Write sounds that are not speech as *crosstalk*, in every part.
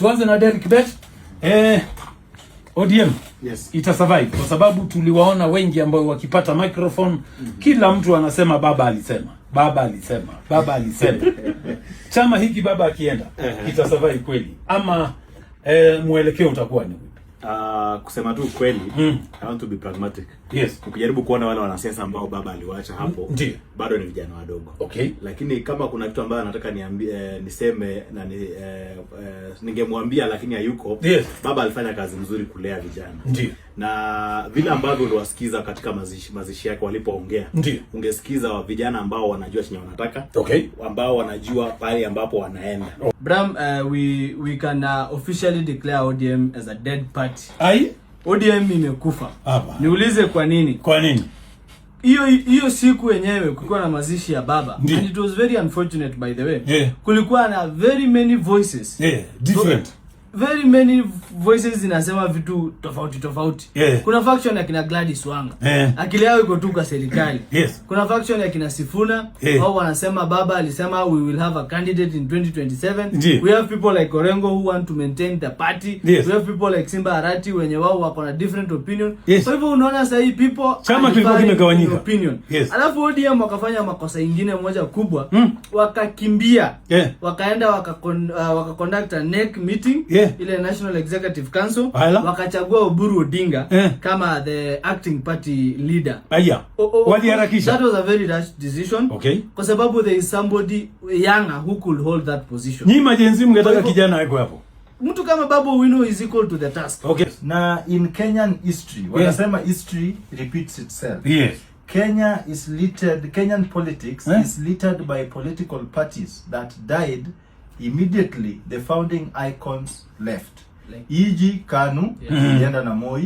Tuanze na Derek Bet. Eh, ODM yes, ita survive kwa sababu tuliwaona wengi ambao wakipata microphone mm -hmm. Kila mtu anasema baba alisema, baba alisema, baba alisema *laughs* chama hiki baba akienda ita survive kweli ama eh, mwelekeo utakuwa ni Ah, kusema tu ukweli mm. I want to be pragmatic. Yes. Ukijaribu kuona wale wanasiasa ambao baba aliwaacha hapo mm. bado ni vijana wadogo. Okay. Lakini kama kuna kitu ambayo anataka niambie eh, niseme na ni, eh, eh, ningemwambia lakini hayuko. Yes. Baba alifanya kazi nzuri kulea vijana. Ndiyo na vile ambavyo uliwasikiza katika mazishi, mazishi yake walipoongea, ungesikiza vijana ambao wanajua chenye wanataka, okay, ambao wanajua pale ambapo wanaenda. Oh. Bram, uh, we we can uh, officially declare ODM as a dead party. Ai? ODM imekufa. Niulize kwa nini? Kwa nini? Hiyo hiyo siku yenyewe kulikuwa na mazishi ya baba. Ndi. And it was very unfortunate by the way. Yeah. Kulikuwa na very many voices. Yeah, different. So, very many voices zinasema vitu tofauti tofauti. Yeah. Kuna faction ya kina Gladys Wanga. Yeah. Akili yao iko tu kwa serikali. Yes. Kuna faction ya kina Sifuna yeah. Wao wanasema baba alisema we will have a candidate in 2027. Yeah. We have people like Orengo who want to maintain the party. Yes. We have people like Simba Arati wenye wao wako na different opinion. Yes. so hivyo unaona sasa hii people chama kilikuwa kimegawanyika. Opinion. Yes. Alafu ODM wakafanya makosa ingine moja kubwa. Mm. Wakakimbia. Yeah. Wakaenda waka uh, waka conduct a neck meeting. Yeah eh, ile National Executive Council wakachagua Oburu Odinga yeah. kama the acting party leader. Aya. Waliharakisha. That was a very rash decision. Okay. Kwa sababu there is somebody younger who could hold that position. Nyinyi majenzi mngetaka kijana aiko hapo. Mtu kama Babu Owino is equal to the task. Okay. Na in Kenyan history, yeah, wanasema history repeats itself. Yes. Kenya is littered, Kenyan politics eh, is littered by political parties that died Immediately, the founding icons left. Iji Kanu *laughs* ilienda na Moi,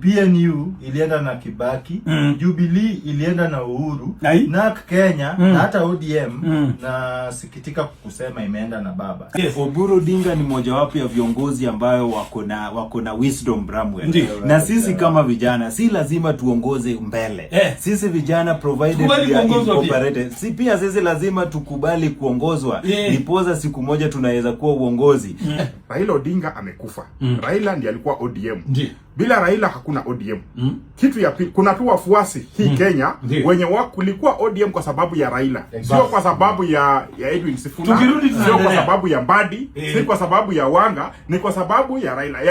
PNU ilienda na Kibaki mm. Jubilee ilienda na Uhuru Hai? NAK Kenya mm. na hata ODM mm. nasikitika kusema imeenda na baba yes. Oburu dinga ni mojawapo ya viongozi ambayo wako na wako na wisdom Bramwell, na sisi kama vijana si lazima tuongoze mbele eh. Sisi vijana provided si pia sisi lazima tukubali kuongozwa, nipoza Siku moja tunaweza kuwa uongozi mm. Raila amekufa taifa mm. Raila ndiye alikuwa ODM Ndi. Bila Raila hakuna ODM mm. Kitu ya pili, kuna tu wafuasi hii mm. Kenya Ndi. wenye wa kulikuwa ODM kwa sababu ya Raila exactly. Sio kwa sababu ya, ya Edwin Sifuna, sio kwa sababu ya Mbadi e. Eh. Si kwa sababu ya Wanga, ni kwa sababu ya Raila.